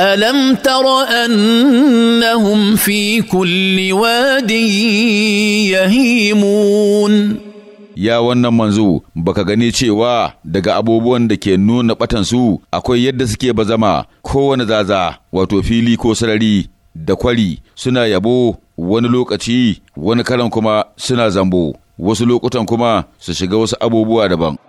الم تر انهم في كل واد يهيمون ya wannan manzo baka gani cewa daga abubuwan da ke nuna batansu akwai yadda suke zama. kowane zaza wato fili ko sarari da kwari suna yabo wani lokaci wani karan kuma suna zambo wasu lokutan kuma su shiga wasu abubuwa daban